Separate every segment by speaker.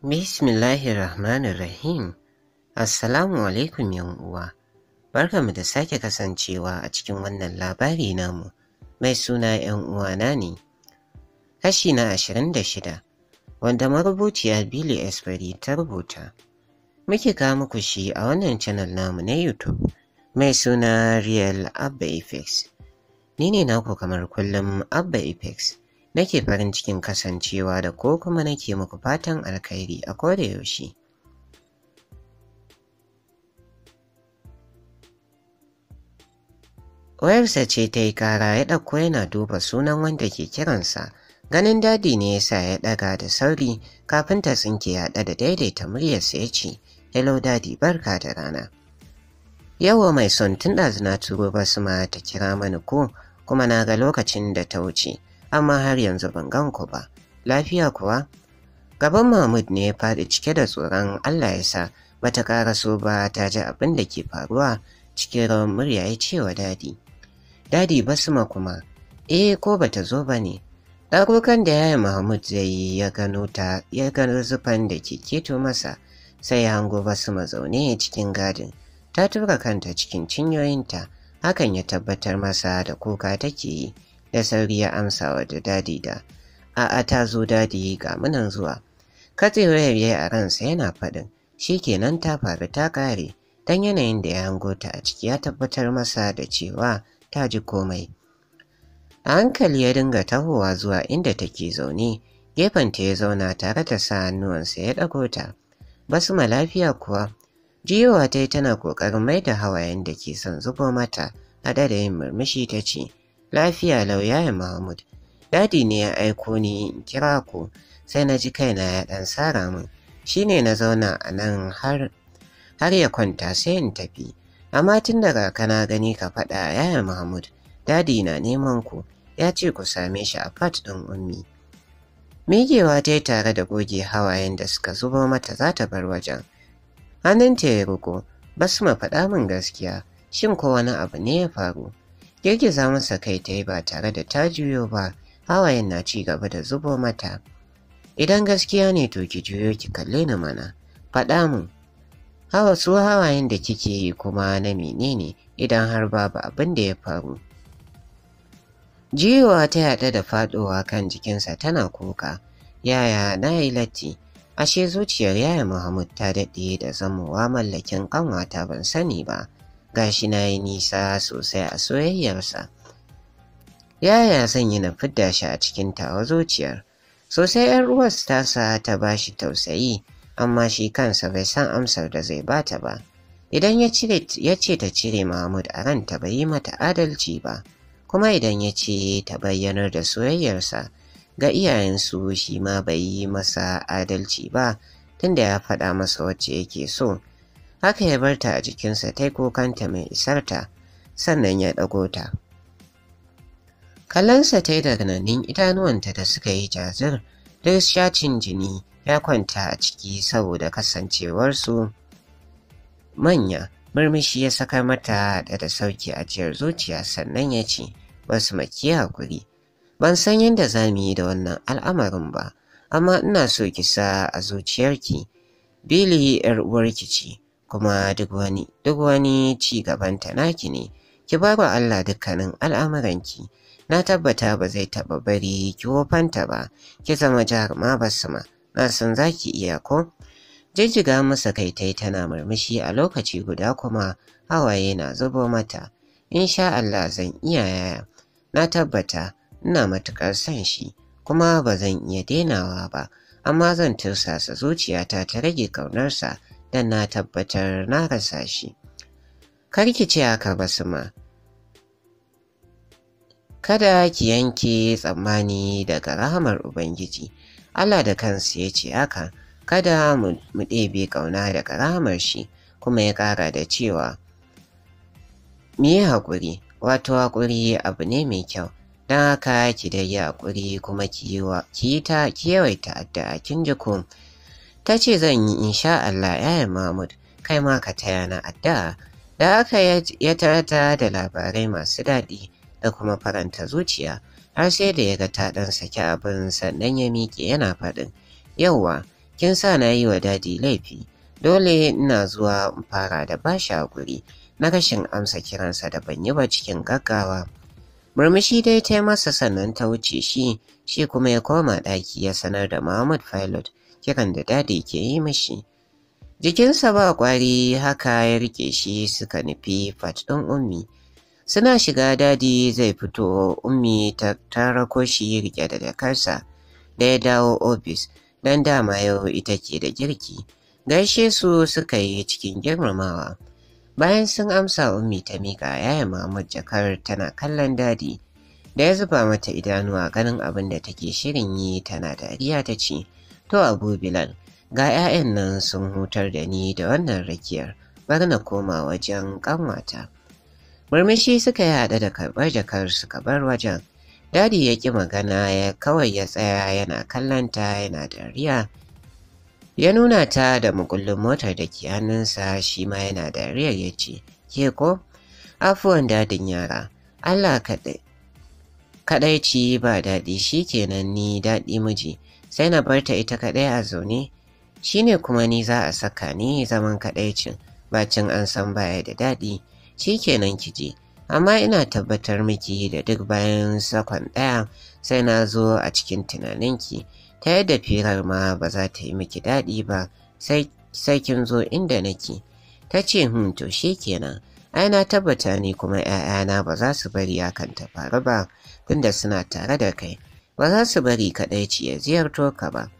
Speaker 1: Bismillahirrahmanirrahim. Assalamu alaikum uwa. Barka mu da sake kasancewa a cikin wannan labari namu. Mai suna ‘yan uwana ne. Kashi na ashirin da shida, wanda marubuciya Billy Esperi ta rubuta. Muke kawo muku shi a wannan channel namu na YouTube. mai suna Real Abba Apex. Ni ne naku kamar kullum Abba Apex. Nake farin cikin kasancewa da ko kuma nake muku fatan alkhairi a koda yaushe. Wayarsa ce ta yi kara ya ɗauko yana duba sunan wanda ke kiransa. Ganin dadi ne ya sa ya ɗaga da sauri kafin ta tsinke ya da daidaita muryarsa ya ce, Hello dadi barka da rana. Yawo mai son tun turo na turo ma ta kira mani ko kuma na ga lokacin da ta wuce, amma har yanzu ban gan ku ba. Lafiya kuwa? Gaban Mahmud ne ya faɗi cike da tsoron Allah ya sa bata so ba ta ji abin da ke faruwa cikin rawan murya ya ce wa dadi. Dadi basma kuma, eh ko bata zo ba ne. Ɗarukan da yaya Mahmud zai yi ya gano ta ya gano zufan da ke keto masa sai ya hango ma zaune cikin gadin. ta tura kanta cikin cinyoyinta hakan ya tabbatar masa da kuka take yi da sauri ya amsa wa da dadi da a'a ta zo dadi ga munan zuwa katse wayar yayi a ransa yana faɗin shi kenan ta faru ta ƙare dan yanayin da ya hango ta a ciki ya tabbatar masa da cewa ta ji komai a hankali ya dinga tahowa zuwa inda take zaune gefenta ya zauna tare da sa hannuwansa ya ɗago ta ma lafiya kuwa Jiyowa ta yi tana ƙoƙarin mai da hawayen da ke son zubo mata, haɗe da yin murmushi ta ce, Lafiya lau yaya Mahmud, dadi ne ya aiko ni in kira ku, sai na ji kaina ya ɗan sara min, shi ne na zauna a nan har, ya kwanta sai in tafi. Amma tun daga kana gani ka faɗa yaya Mahmud, dadi na neman ku, ya ce ku same shi a fat ɗin ummi. Migewa ta yi tare da goge hawayen da suka zubo mata za ta bar wajen. Hannun ta ya riko, ma faɗa min gaskiya, shin ko wani abu ne ya faru? Girgiza masa kai ta yi ba tare da ta juyo ba, hawayen na ci gaba da zubo mata. Idan gaskiya ne to ki juyo ki kalle ni mana, faɗa min. Hawa su hawayen da kike yi kuma na menene idan har babu abin da ya faru. Jiyowa ta yaɗa da faɗowa kan jikinsa tana kuka, yaya na yi latti, Ashe zuciyar yaya Muhammad ta daɗe da zamowa mallakin ƙanwata ban sani ba, gashi na yi nisa sosai a soyayyarsa. Yaya zan yi na fidda shi a cikin tawa zuciyar, sosai ‘yan ruwas sa ta ba shi tausayi, amma shi kansa bai san amsar da zai ba ta ba. Idan ya ce ta cire Mahmud a ranta bai yi mata adalci ba, kuma idan ya ce ta bayyanar da soyayyarsa, ga iyayensu shi ma bai yi masa adalci ba tunda ya faɗa masa wacce yake so haka ya bar ta a jikinsa ta kokanta mai isarta sannan ya ɗago ta kallonsa ta yi da ganin idanuwanta da suka yi jazir duk shacin jini ya kwanta a ciki saboda kasancewarsu manya murmushi ya saka mata da da sauki ajiyar zuciya sannan ya ce wasu maki hakuri ban san yadda za mu yi da wannan al'amarin ba amma ina so ki sa a zuciyarki bili yar uwarki ce kuma duk wani duk wani ci gabanta naki ne ki bar wa Allah dukkanin al'amuranki na tabbata ba zai taɓa bari ki wofanta ba ki zama jaruma basuma na san za ki iya ko jijjiga masa kai tai tana murmushi a lokaci guda kuma hawaye na zubo mata insha Allah zan iya yaya na tabbata ina matuƙar son shi kuma ba zan iya denawa ba amma zan tursasa zuciyata ta rage ƙaunarsa don na tabbatar na rasa shi Kar ki ce haka ma. kada ki yanke tsammani daga rahamar ubangiji Allah da kansa ya ce haka kada mu ɗebe ƙauna daga rahamar shi kuma ya ƙara da cewa mu yi haƙuri wato haƙuri abu ne mai kyau don haka ki da yi haƙuri kuma ki yi ta yawaita addu'a kin ji ta ce zan yi insha Allah yayin Mahmud kai ma ka taya na addu'a da aka ya tarata da labarai masu daɗi da kuma faranta zuciya har sai da ya ga ta ɗan saki abin sannan ya miƙe yana faɗin yauwa kin sa na yi wa dadi laifi dole ina zuwa fara da bashi haƙuri na rashin amsa kiransa da ban yi ba cikin gaggawa Murmushi dai ta masa sannan ta wuce shi, shi kuma ya koma ɗaki ya sanar da Muhammad Pilot kiran da dadi ke yi mashi. Jikinsa ba kwari haka ya rike shi suka nufi fat ɗin ummi. Suna shiga dadi zai fito ummi ta rako shi rike da jakarsa da ya dawo ofis don dama yau ita ke da girki. Gaishe su suka yi cikin girmamawa. Bayan sun amsa ummi ta miƙa yaya Mahmud jakar tana kallon dadi da ya zuba mata idanuwa ganin abin da take shirin yi tana dariya ta ce, To Abu Bilal, ga 'ya'yan nan sun hutar da ni da wannan rakiyar, bari na koma wajen ƙanwata. Murmushi suka yi haɗe da karɓar jakar suka bar wajen. Dadi ya ƙi magana kawai ya tsaya yana kallon ta yana dariya. ya nuna ta da mukullin motar da ke hannunsa shi ma yana dariyar riyar ya ce ke ko afuwan dadin yara allah kaɗai ci ba daɗi shi kenan ni daɗi miji sai na barta ita kaɗai a zaune shine kuma ni za a saka ni zaman kadaicin bacin an san baya da daɗi shi kenan kiji amma ina tabbatar miki da duk bayan sakon ɗaya sai na zo a cikin tunaninki ta yadda firar ma ba za ta yi miki daɗi ba sai kin zo inda nake ta ce hun hmm, to shi kenan ai na tabbata ni kuma 'ya'yana ba za su bari hakan ta faru ba tunda suna tare da kai ba za su bari kaɗai ci ya ziyarto ka ba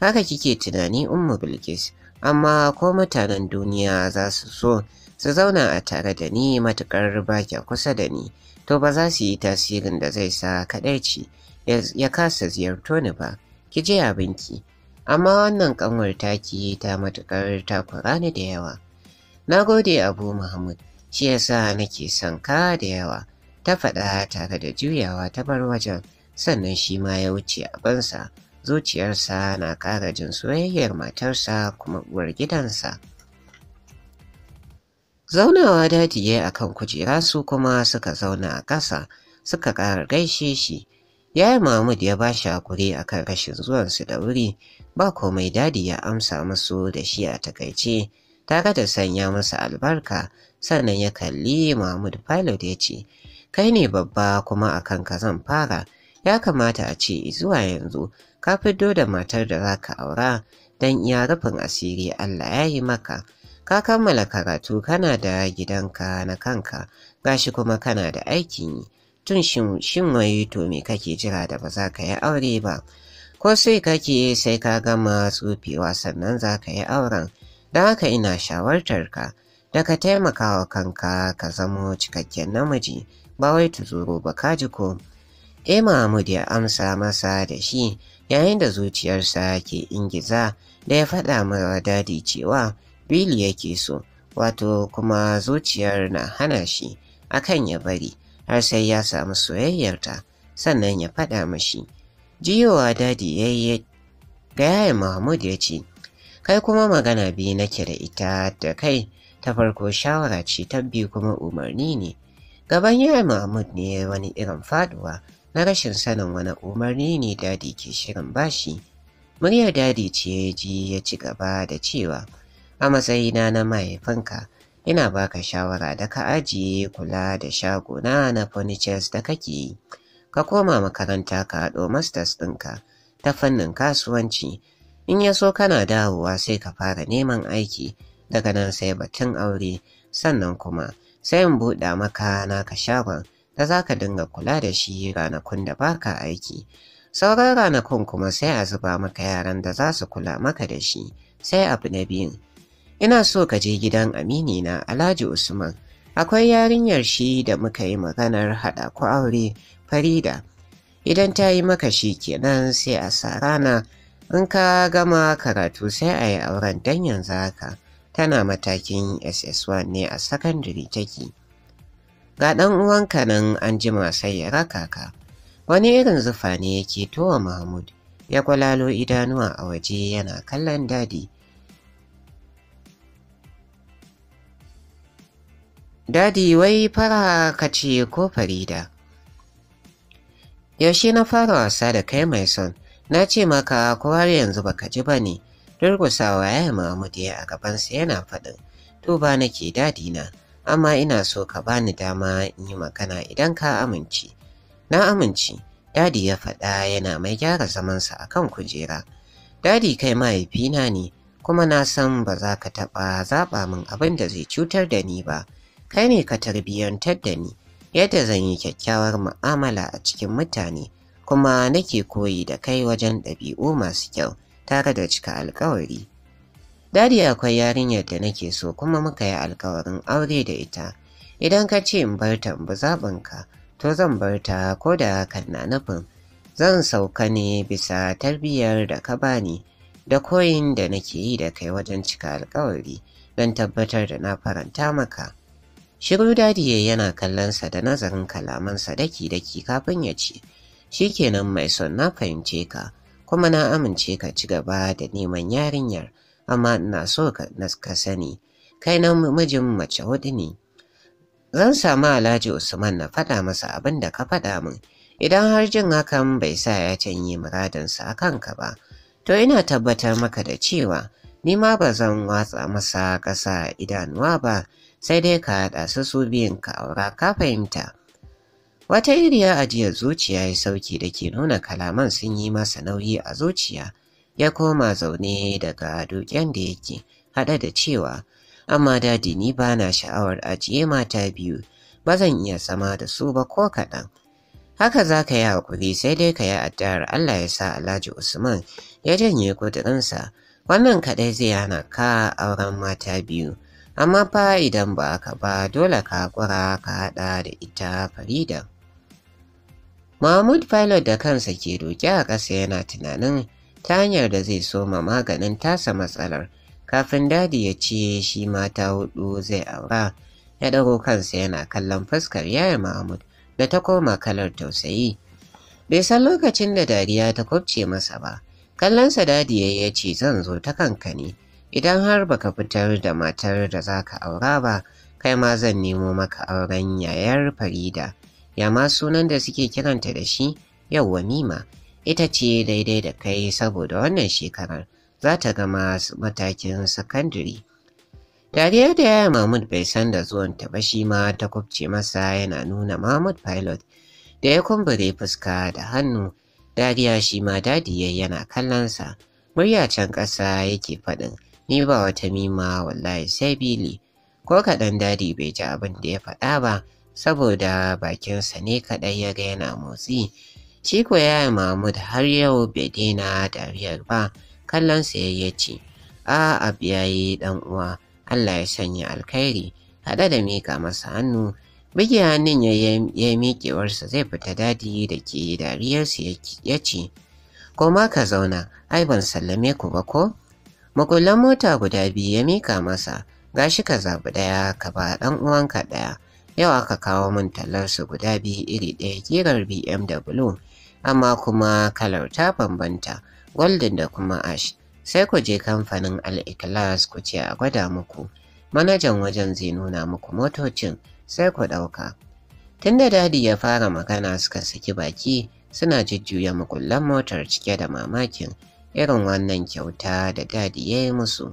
Speaker 1: haka kike tunani ummu bilkis amma ko mutanen duniya za su so su zauna a tare da ni matuƙar baki kusa da ni to ba za su yi tasirin da zai sa kaɗaici ya kasa ziyarto ni ba ki je abinki amma wannan kanwar taki ta matukar takura ne da yawa na gode abu muhammad shi yasa nake son ka da yawa ta faɗa tare da juyawa ta bar wajen sannan shi ma ya wuce bansa zuciyarsa na ƙara jin soyayyar matarsa kuma uwar gidansa zaunawa dadi ya a kan kujera su kuma suka zauna a ƙasa suka ƙara gaishe shi Yaya Mahmud ya ba shi hakuri akan kan rashin zuwansu da wuri, ba komai dadi ya amsa musu da shi a takaice, tare da sanya masa albarka, sannan ya kalli Mahmud Pilot ya ce, Kai ne babba kuma a kanka zan fara, ya kamata a ce zuwa yanzu ka fiddo da matar da za ka aura don iya rufin asiri Allah ya yi maka. Ka kammala karatu kana da gidanka na kanka, gashi kuma kana da aikin yi. tun shin mai to me kake jira da ba za ka yi aure ba ko sai kake sai ka gama tsufewa sannan za ka yi auren da haka ina shawartar ka da ka taimaka wa kanka ka zamo cikakken namiji ba wai ba ka ji ko e Mahmud ya amsa masa da shi yayin da zuciyarsa ke ingiza da ya faɗa mara dadi cewa Billy yake so, wato kuma zuciyar na hana shi akan ya bari. har sai ya samu soyayyarta sannan ya faɗa mashi. Jiyowa dadi ya yi ga yayin Mahmud ya ce, Kai kuma magana biyu nake da ita da kai ta farko shawara ce ta biyu kuma umarni ne. Gaban yayin Mahmud ne wani irin faduwa na rashin sanin wani umarni ne dadi ke shirin bashi. Muryar dadi ce ya ji ya ci gaba da cewa, A matsayina na mahaifinka, ina baka shawara da ka ajiye kula da shaguna na furnitures da kake yi ka koma makaranta ka haɗo masters ɗinka ta fannin kasuwanci in ya so kana dawowa sai ka fara neman aiki daga nan sai batun aure sannan kuma sai in buɗa maka naka shagon da za ka dinga kula da shi ranakun da baka aiki sauran ranakun kuma sai a zuba maka yaran da za su kula maka da shi sai abu na biyun ina so ka je gidan aminina Alhaji Usman akwai yarinyar shi da muka yi maganar haɗa ku aure Farida idan ta yi maka shi kenan sai a sa rana in ka gama karatu sai a yi auren dan yanzu haka tana matakin SS1 ne a sakandare take ga ɗan uwanka nan an sai ya raka ka wani irin zufa ne yake towa Mahmud ya kwalalo idanuwa a waje yana kallon dadi Dadi wai fara ka ce ko farida. Yaushe na fara wasa da kai mai son, na ce maka ko har yanzu baka ji ba ne, durgusawa ya yi ya a gabansa yana faɗin, to ba nake dadi na, amma ina so ka bani dama in yi magana idan ka amince. Na amince, dadi ya faɗa yana mai gyara zamansa a kan kujera. Dadi kai mahaifina ne, kuma na san ba za ka taɓa zaɓa min abin da zai cutar da ni ba. kai ne ka tarbiyyantar da ni yadda zan yi kyakkyawar mu'amala a cikin mutane kuma nake koyi da kai wajen ɗabi'u masu kyau tare da cika alkawari. Dadi akwai yarinyar da nake so kuma muka yi alkawarin aure da ita. Idan ka ce in bar ta bi zaɓinka, to zan bar ta ko da hakan na nufin zan sauka ne bisa tarbiyyar da ka bani da koyin da nake yi da kai wajen cika alkawari don tabbatar da na faranta maka. Shiru dadi dadiye yana kallonsa da nazarin kalamansa daki-daki kafin ya ce, Shi kenan mai son na fahimce ka, kuma na amince ka ci gaba da neman yarinyar, amma ina so ka sani, kai nan mijin mace hudu ne. Zan samu Alhaji Usman na faɗa masa abin da ka faɗa min, idan har jin hakan bai sa ya canye muradinsa a kanka ba, to ina tabbatar maka da cewa ni ma ba zan watsa masa ƙasa idanuwa ba. sai dai ka haɗa su su biyun ka aura ka fahimta. Wata iriya ajiyar zuciya ya sauki da ke nuna kalaman sun yi masa nauyi a zuciya ya koma zaune daga duken da yake haɗe da cewa amma dadi ni ba na sha'awar ajiye mata biyu ba zan iya sama da su ba ko kaɗan. Haka za ka yi hakuri, sai dai ka yi addu'ar Allah ya sa Alhaji Usman ya janye ƙudurinsa wannan kaɗai zai hana ka auren mata biyu. amma fa idan ba ka ba dole ka kura ka haɗa da ita farida. Mahmud Pilot da kansa ke doki a ƙasa yana tunanin ta hanyar da zai soma maganin tasa matsalar kafin dadi ya ce shi mata hudu zai aura ya ɗago kansa yana kallon fuskar yaya Mahmud da ta koma kalar tausayi. Bai san lokacin da dariya ta kwabce masa ba, kallonsa dadi ya ce zan zo ta kanka ne. idan har baka fitar da matar da za ka aura ba kai ma zan nemo maka auren yayar farida ya ma sunan da suke kiranta da shi yauwa mima ita ce daidai da kai saboda wannan shekarar za ta gama matakin sakandare Dariya da yaya mahmud bai san da zuwan ta ba shi ma ta kubce masa yana nuna mahmud pilot da ya kumbure fuska da hannu dariya shi ma dadi yana kallonsa murya can ƙasa yake faɗin ni ba wata mima wallahi sai bili ko kaɗan dadi bai ji abin da ya faɗa ba saboda bakinsa ne kaɗai ya ga yana motsi shi ko yi mahmud har yau bai daina dariyar ba kallon sa ya ce a abiyayi dan uwa allah ya sanya alkhairi haɗe da mika masa hannu Biki hannun ya miƙewarsa zai fita dadi da ke dariyarsa ya ce, Koma ka zauna, ai ban sallame ku ba ko? Makullan mota guda biyu ya mika masa, gashi ka zaɓi ɗaya ka ba ɗan uwanka ɗaya. Yau aka kawo min tallar su guda biyu iri ɗaya kirar BMW, amma kuma kalar ta bambanta, golden da kuma ash. Sai ku je kamfanin Al-Ikhlas ku ce a gwada muku. Manajan wajen zai nuna muku motocin sai ku ɗauka. Tunda dadi ya fara magana suka saki baki suna jujjuya mukullan motar cike da mamakin irin wannan kyauta da dadi ya yi musu.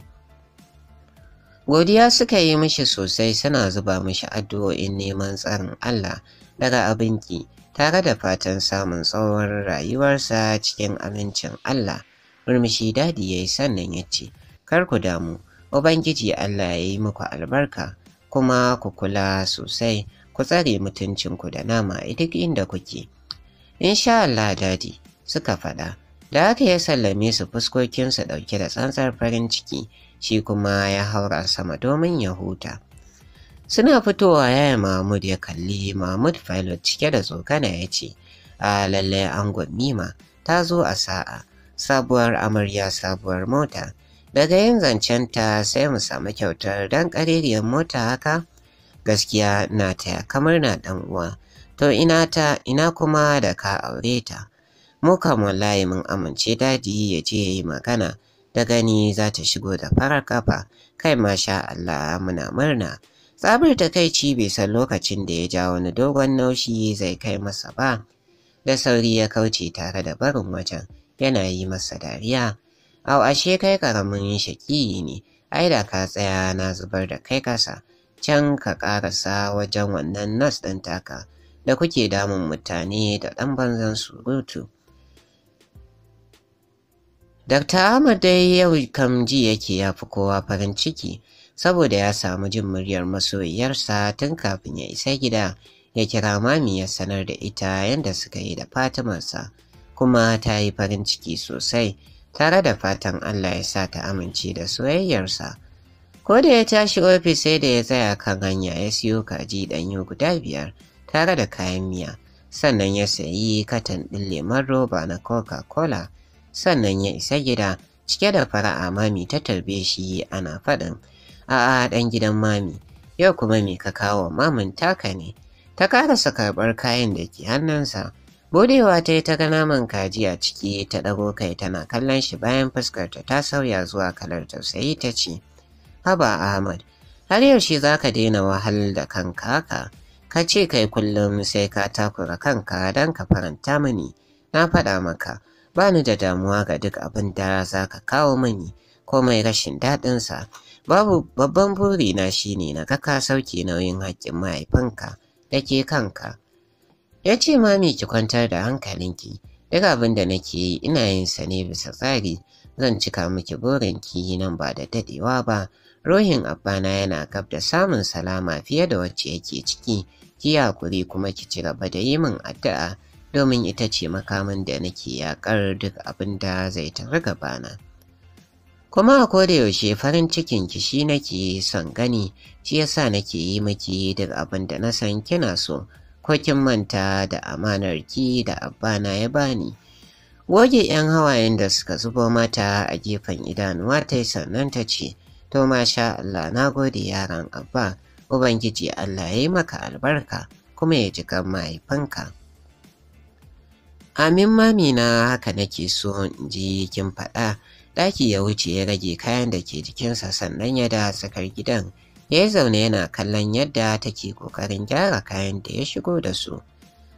Speaker 1: Godiya suka yi mishi sosai suna zuba mishi addu'o'in neman tsarin Allah daga abinki tare da fatan samun tsawon rayuwarsa cikin amincin Allah. Murmushi dadi ya yi sannan ya ce, Kar ku damu, Ubangiji Allah ya yi muku albarka, kuma ku kula sosai, ku tsare mutuncinku da nama a duk inda kuke. sha Allah dadi, suka faɗa. Da aka ya sallame su fuskokinsu ɗauke da tsantsar farin ciki, shi kuma ya haura sama domin ya huta. Suna fitowa yaya Mahmud ya kalli Mahmud Pilot cike da tsokana ya ce, A lallai an Mima ta zo a sa'a, sabuwar amarya sabuwar mota. Daga yin zancen ta sai mu samu kyautar don ƙaririyar mota haka? Gaskiya na taya kamar na ɗan uwa, to ina ta ina kuma da ka aure ta. Mu kam wallahi mun amince dadi ya je ya yi magana da gani za ta shigo da farar kafa kai masha Allah muna murna. kai takaici bai san lokacin da ya ja wani dogon naushi zai kai masa ba. Da sauri ya kauce tare da barin wajen yana yi masa dariya. Au ashe kai karamin shaki ne, ai da ka tsaya na zubar da kai kasa, can ka sa wajen wannan nas ɗin taka da kuke damun mutane da ɗan banzan surutu. Dr. Ahmad dai yau kam ji yake ya fi kowa farin ciki saboda ya samu jin muryar masoyiyarsa tun kafin ya isa gida ya kira mami ya sanar da ita yadda suka yi da Fatimarsa kuma ta yi farin ciki sosai tare da fatan Allah ya sa ta amince da soyayyarsa. Ko da ya tashi ofis sai da ya tsaya kan hanya ya siyo kaji ɗanyo guda biyar tare da kayan miya sannan ya sayi katan ɗin lemon roba na Coca-Cola. sannan ya isa gida cike da fara'a mami ta tarbe shi ana faɗin a'a ɗan gidan mami yau kuma me ka kawo mamin taka ne ta karasa karɓar kayan da ke hannunsa budewa ta yi ta ga naman kaji a ciki ta ɗago kai tana kallon shi bayan fuskarta ta sauya zuwa kalar tausayi ta ce haba ahmad har yaushe za ka daina wahalar da kanka ka? ka ce kai kullum sai ka takura kanka don ka faranta mini na faɗa maka Bani da damuwa ga duk abin da za ka kawo mani komai rashin daɗinsa babu babban buri burina shine na ga ka sauke nauyin haƙƙin mahaifinka da ke kanka ya ce mami ki kwantar da hankalinki duk abin da nake yi ina yin sa ne bisa tsari zan cika miki burinki nan ba da dadewa ba rohin abbana yana gab da samun salama fiye da wacce yake ciki ki hakuri kuma ki ci gaba da yi min addu'a domin ita ce makamin da nake yaƙar duk abin da zai tare gabana. Kuma a koda yaushe farin cikin ki shi nake son gani, shi yasa nake yi miki duk abin da na san kina so, ko kin manta da amanar ki da abana ya bani. Goge 'yan hawayen da suka zubo mata a gefen idanuwa ta sannan ta ce, To masha Allah na gode yaran abba, Ubangiji Allah ya yi maka albarka kuma ya ji mahaifinka mahaifanka. Amin mamina haka nake so in ji kin faɗa. Ɗaki ya wuce ya rage kayan da ke jikinsa sannan ya da tsakar gidan. Ya yi zaune yana kallon yadda take ƙoƙarin gyara kayan da ya shigo da su.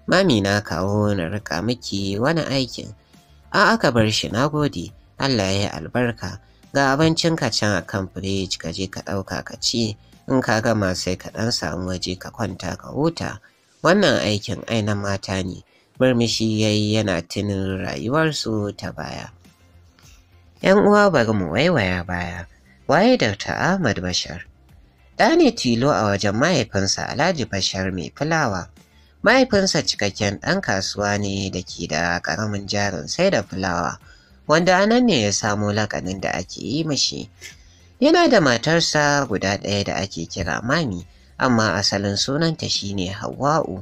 Speaker 1: Mamina kawo na rika miki wani aikin. A aka bar shi na gode, Allah ya yi albarka. Ga abincin ka can a kan firij ka je ka ɗauka ka ci, in ka gama sai ka ɗan samu waje ka kwanta ka huta. Wannan aikin aina mata ne. murmushi ya yi yana tunin rayuwarsu ta baya. ‘Yan uwa bari mu waiwaya baya, waye Dr. Ahmad Bashar. Ɗa ne tilo a wajen mahaifinsa Alhaji Bashar mai fulawa. Mahaifinsa cikakken ɗan kasuwa ne da ke da ƙaramin jarin sai da fulawa, wanda anan ne ya samo lakanin da ake yi mashi. Yana da matarsa guda ɗaya da ake kira Mami, amma asalin sunanta shine Hawwa'u.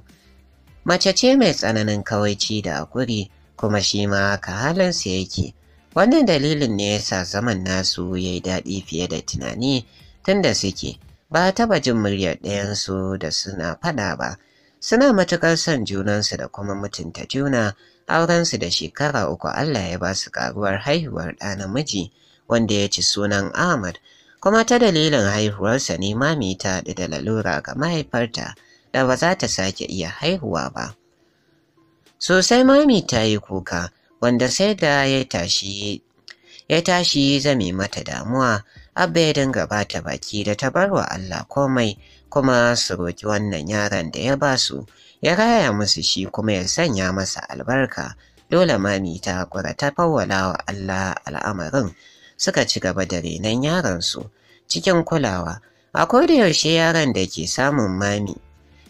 Speaker 1: mace ce mai tsananin kawaici da hakuri kuma shi ma haka yake wannan dalilin ne yasa zaman nasu ya yi daɗi fiye da tunani tunda suke ba taɓa jin muryar ɗayansu da suna faɗa ba suna matuƙar son junansu da kuma mutunta juna aurensu da shekara uku Allah ya ba su ƙaruwar haihuwar ɗa namiji wanda ya ci sunan Ahmad kuma ta dalilin haihuwarsa ne mami ta da lalura ga mahaifarta da ba za ta sake iya haihuwa ba. Sosai mami ta yi kuka wanda sai da ya tashi ya zame mata damuwa abba ya dinga ba ta baki da ta bar wa Allah komai kuma su roki wannan yaron da ya ba su, ya raya musu shi kuma ya sanya masa albarka dole mami ta kura ta fawwala wa Allah al'amarin suka ci gaba da renon yaron cikin kulawa a yaushe yaran da ke samun mami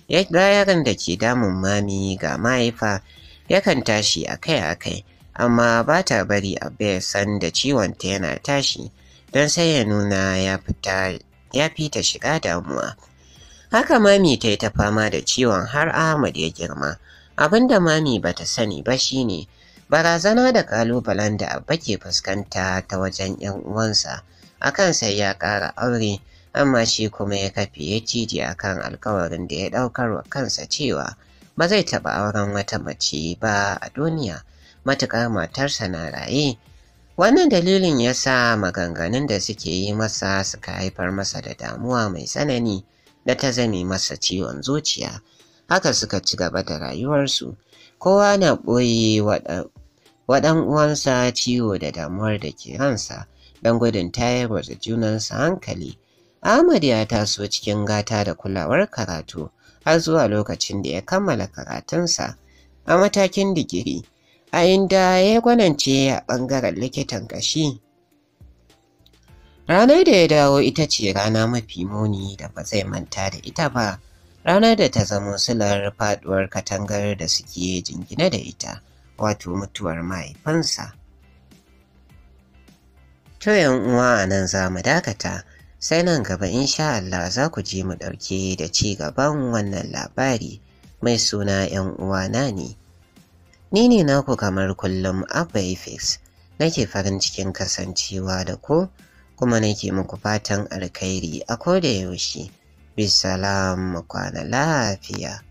Speaker 1: yaran da ke damun mami ga mahaifa yakan tashi akai-akai amma ba ta bari abu san da ta yana tashi don sai ya nuna ya fi ta shiga damuwa. Haka mami ta yi ta fama da ciwon har Ahmad ya girma. Abin da mami ba ta sani ba shine barazana da kalubalen da abba ke fuskanta ta wajen 'yan uwansa akan sai ya ƙara aure amma shi kuma ya kafi ya cije a kan alkawarin da ya ɗaukar wa kansa cewa ba zai taɓa auren wata mace ba a duniya matuƙar matarsa na raye wannan dalilin ya sa maganganun da suke yi masa suka haifar masa da damuwa mai tsanani da ta zame masa ciwon zuciya haka suka ci gaba da rayuwarsu kowa na ɓoye waɗan uwansa ciwo da damuwar da ke ransa don gudun tayar wa junansa hankali Ahmad ya taso cikin gata da kulawar karatu har zuwa lokacin da ya kammala karatunsa a matakin digiri, a inda ya gwanance a ɓangaren likitan ƙashi. Ranar da ya dawo ita ce rana mafi muni da ba zai manta da ita ba, ranar da ta zamo silar faɗuwar katangar da suke jingina da ita, wato mutuwar mahaifansa. To uwa a nan za mu dakata. sai nan gaba insha Allah za ku je mu ɗauke da ci gaban wannan labari mai suna ‘yan uwana ne. Ni ne naku kamar kullum Abaifix nake farin cikin kasancewa da ku kuma nake muku fatan alkhairi a ko da yaushe. Bisalam kwana lafiya.